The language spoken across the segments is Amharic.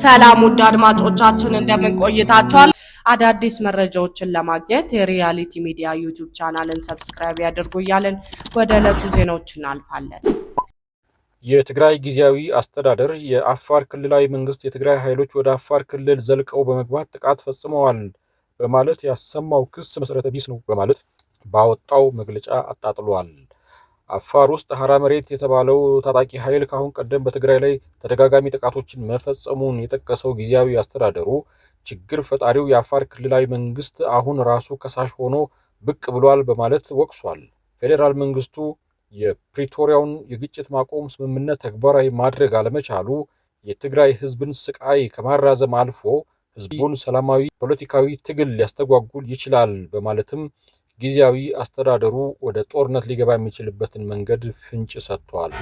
ሰላም ውድ አድማጮቻችን እንደምን ቆይታችኋል? አዳዲስ መረጃዎችን ለማግኘት የሪያሊቲ ሚዲያ ዩቲዩብ ቻናልን ሰብስክራይብ ያድርጉ እያልን ወደ ዕለቱ ዜናዎች እናልፋለን። የትግራይ ጊዜያዊ አስተዳደር የአፋር ክልላዊ መንግስት የትግራይ ኃይሎች ወደ አፋር ክልል ዘልቀው በመግባት ጥቃት ፈጽመዋል በማለት ያሰማው ክስ መሰረተ ቢስ ነው በማለት ባወጣው መግለጫ አጣጥሏል። አፋር ውስጥ ሀራ መሬት የተባለው ታጣቂ ኃይል ከአሁን ቀደም በትግራይ ላይ ተደጋጋሚ ጥቃቶችን መፈጸሙን የጠቀሰው ጊዜያዊ አስተዳደሩ ችግር ፈጣሪው የአፋር ክልላዊ መንግስት አሁን ራሱ ከሳሽ ሆኖ ብቅ ብሏል በማለት ወቅሷል። ፌዴራል መንግስቱ የፕሪቶሪያውን የግጭት ማቆም ስምምነት ተግባራዊ ማድረግ አለመቻሉ የትግራይ ህዝብን ስቃይ ከማራዘም አልፎ ህዝቡን ሰላማዊ ፖለቲካዊ ትግል ሊያስተጓጉል ይችላል በማለትም ጊዜያዊ አስተዳደሩ ወደ ጦርነት ሊገባ የሚችልበትን መንገድ ፍንጭ ሰጥቷል።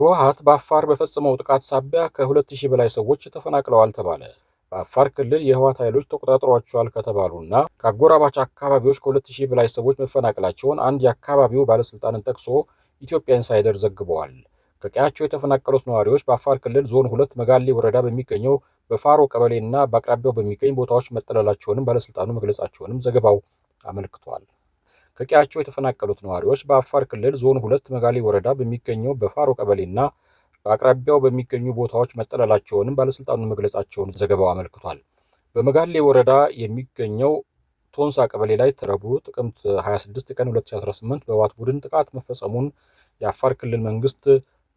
ህወሓት በአፋር በፈጸመው ጥቃት ሳቢያ ከ2000 በላይ ሰዎች ተፈናቅለዋል ተባለ። በአፋር ክልል የህወሓት ኃይሎች ተቆጣጥሯቸዋል ከተባሉና ከአጎራባች አካባቢዎች ከ2000 በላይ ሰዎች መፈናቀላቸውን አንድ የአካባቢው ባለስልጣንን ጠቅሶ ኢትዮጵያ ኢንሳይደር ዘግበዋል። ከቀያቸው የተፈናቀሉት ነዋሪዎች በአፋር ክልል ዞን ሁለት መጋሌ ወረዳ በሚገኘው በፋሮ ቀበሌ እና በአቅራቢያው በሚገኝ ቦታዎች መጠለላቸውንም ባለስልጣኑ መግለጻቸውንም ዘገባው አመልክቷል። ከቀያቸው የተፈናቀሉት ነዋሪዎች በአፋር ክልል ዞን ሁለት መጋሌ ወረዳ በሚገኘው በፋሮ ቀበሌ እና በአቅራቢያው በሚገኙ ቦታዎች መጠለላቸውንም ባለስልጣኑ መግለጻቸውን ዘገባው አመልክቷል። በመጋሌ ወረዳ የሚገኘው ቶንሳ ቀበሌ ላይ ረቡዕ ጥቅምት 26 ቀን 2018 በህወሓት ቡድን ጥቃት መፈጸሙን የአፋር ክልል መንግስት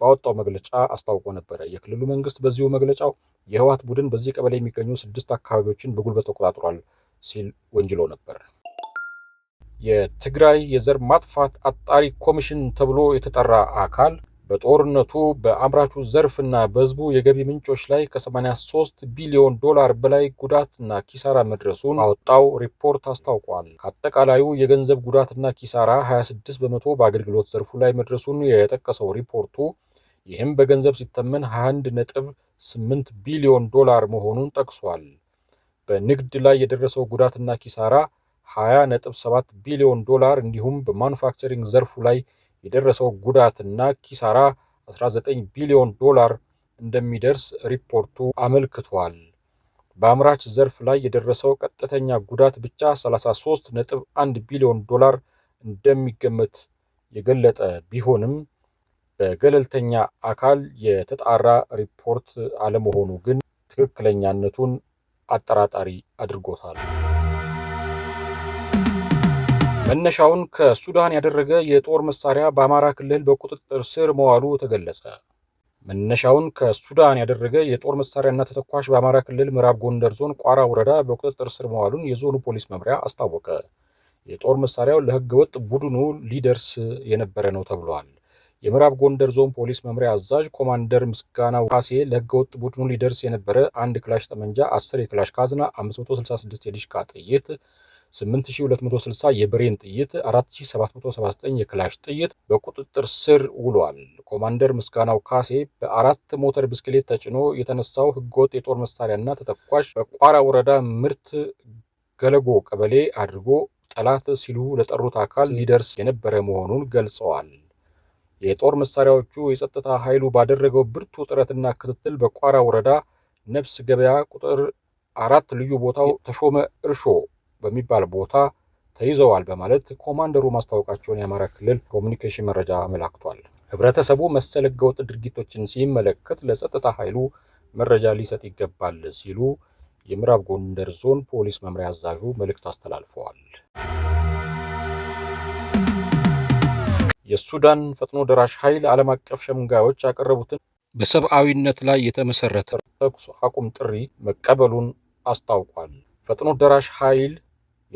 ባወጣው መግለጫ አስታውቆ ነበረ። የክልሉ መንግስት በዚሁ መግለጫው የህወሓት ቡድን በዚህ ቀበሌ የሚገኙ ስድስት አካባቢዎችን በጉልበት ተቆጣጥሯል ሲል ወንጅሎ ነበር። የትግራይ የዘር ማጥፋት አጣሪ ኮሚሽን ተብሎ የተጠራ አካል በጦርነቱ በአምራቹ ዘርፍና በህዝቡ የገቢ ምንጮች ላይ ከ83 ቢሊዮን ዶላር በላይ ጉዳትና ኪሳራ መድረሱን አወጣው ሪፖርት አስታውቋል። ከአጠቃላዩ የገንዘብ ጉዳትና ኪሳራ 26 በመቶ በአገልግሎት ዘርፉ ላይ መድረሱን የጠቀሰው ሪፖርቱ ይህም በገንዘብ ሲተመን 8 ቢሊዮን ዶላር መሆኑን ጠቅሷል። በንግድ ላይ የደረሰው ጉዳትና ኪሳራ ነ7 ቢሊዮን ዶላር እንዲሁም በማኑፋክቸሪንግ ዘርፉ ላይ የደረሰው ጉዳትና ኪሳራ 19 ቢሊዮን ዶላር እንደሚደርስ ሪፖርቱ አመልክቷል። በአምራች ዘርፍ ላይ የደረሰው ቀጥተኛ ጉዳት ብቻ 33.1 ቢሊዮን ዶላር እንደሚገመት የገለጠ ቢሆንም በገለልተኛ አካል የተጣራ ሪፖርት አለመሆኑ ግን ትክክለኛነቱን አጠራጣሪ አድርጎታል። መነሻውን ከሱዳን ያደረገ የጦር መሳሪያ በአማራ ክልል በቁጥጥር ስር መዋሉ ተገለጸ። መነሻውን ከሱዳን ያደረገ የጦር መሳሪያና ተተኳሽ በአማራ ክልል ምዕራብ ጎንደር ዞን ቋራ ወረዳ በቁጥጥር ስር መዋሉን የዞኑ ፖሊስ መምሪያ አስታወቀ። የጦር መሳሪያው ለህገወጥ ቡድኑ ሊደርስ የነበረ ነው ተብሏል። የምዕራብ ጎንደር ዞን ፖሊስ መምሪያ አዛዥ ኮማንደር ምስጋናው ካሴ ለህገወጥ ቡድኑ ሊደርስ የነበረ አንድ ክላሽ ጠመንጃ፣ 10 የክላሽ ካዝና፣ 566 የዲሽቃ ጥይት፣ 8260 የብሬን ጥይት፣ 4779 የክላሽ ጥይት በቁጥጥር ስር ውሏል። ኮማንደር ምስጋናው ካሴ በአራት ሞተር ብስክሌት ተጭኖ የተነሳው ህገወጥ የጦር መሳሪያና ተተኳሽ በቋራ ወረዳ ምርት ገለጎ ቀበሌ አድርጎ ጠላት ሲሉ ለጠሩት አካል ሊደርስ የነበረ መሆኑን ገልጸዋል። የጦር መሳሪያዎቹ የጸጥታ ኃይሉ ባደረገው ብርቱ ጥረትና ክትትል በቋራ ወረዳ ነፍስ ገበያ ቁጥር አራት ልዩ ቦታው ተሾመ እርሾ በሚባል ቦታ ተይዘዋል በማለት ኮማንደሩ ማስታወቃቸውን የአማራ ክልል ኮሚኒኬሽን መረጃ አመላክቷል። ህብረተሰቡ መሰል ህገወጥ ድርጊቶችን ሲመለከት ለጸጥታ ኃይሉ መረጃ ሊሰጥ ይገባል ሲሉ የምዕራብ ጎንደር ዞን ፖሊስ መምሪያ አዛዡ መልእክት አስተላልፈዋል። የሱዳን ፈጥኖ ደራሽ ኃይል ዓለም አቀፍ ሸምጋዮች ያቀረቡትን በሰብአዊነት ላይ የተመሰረተ ተኩስ አቁም ጥሪ መቀበሉን አስታውቋል። ፈጥኖ ደራሽ ኃይል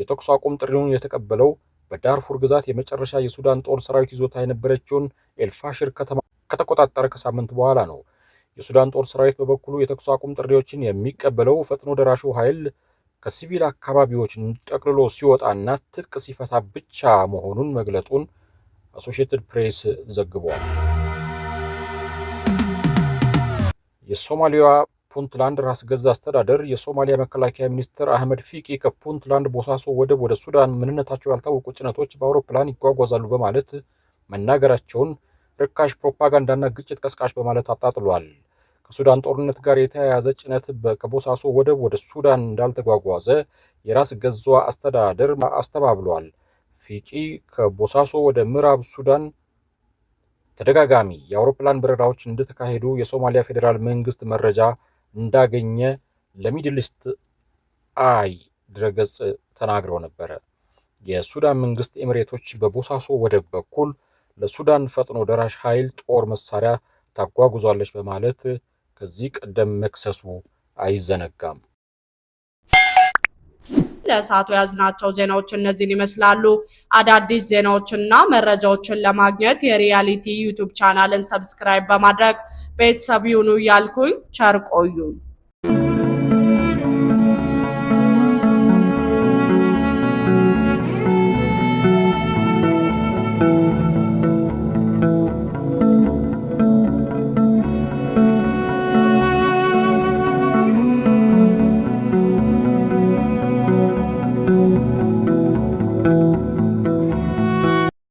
የተኩስ አቁም ጥሪውን የተቀበለው በዳርፉር ግዛት የመጨረሻ የሱዳን ጦር ሰራዊት ይዞታ የነበረችውን ኤልፋሽር ከተማ ከተቆጣጠረ ከሳምንት በኋላ ነው። የሱዳን ጦር ሰራዊት በበኩሉ የተኩስ አቁም ጥሪዎችን የሚቀበለው ፈጥኖ ደራሹ ኃይል ከሲቪል አካባቢዎች ጠቅልሎ ሲወጣና ትጥቅ ሲፈታ ብቻ መሆኑን መግለጡን አሶሽትድ ፕሬስ ዘግቧል። የሶማሊያ ፑንትላንድ ራስ ገዛ አስተዳደር የሶማሊያ መከላከያ ሚኒስትር አህመድ ፊቂ ከፑንትላንድ ቦሳሶ ወደብ ወደ ሱዳን ምንነታቸው ያልታወቁ ጭነቶች በአውሮፕላን ይጓጓዛሉ በማለት መናገራቸውን ርካሽ ፕሮፓጋንዳና ግጭት ቀስቃሽ በማለት አጣጥሏል። ከሱዳን ጦርነት ጋር የተያያዘ ጭነት ከቦሳሶ ወደብ ወደ ሱዳን እንዳልተጓጓዘ የራስ ገዟ አስተዳደር አስተባብሏል። ፊቂ ከቦሳሶ ወደ ምዕራብ ሱዳን ተደጋጋሚ የአውሮፕላን በረራዎች እንደተካሄዱ የሶማሊያ ፌዴራል መንግስት መረጃ እንዳገኘ ለሚድልስት አይ ድረገጽ ተናግረው ነበረ። የሱዳን መንግስት ኤሚሬቶች በቦሳሶ ወደብ በኩል ለሱዳን ፈጥኖ ደራሽ ኃይል ጦር መሳሪያ ታጓጉዟለች በማለት ከዚህ ቀደም መክሰሱ አይዘነጋም። ለሰዓቱ ያዝናቸው ዜናዎች እነዚህን ይመስላሉ። አዳዲስ ዜናዎችና መረጃዎችን ለማግኘት የሪያሊቲ ዩቱብ ቻናልን ሰብስክራይብ በማድረግ ቤተሰብ ይሁኑ እያልኩኝ ቸር ቆዩን።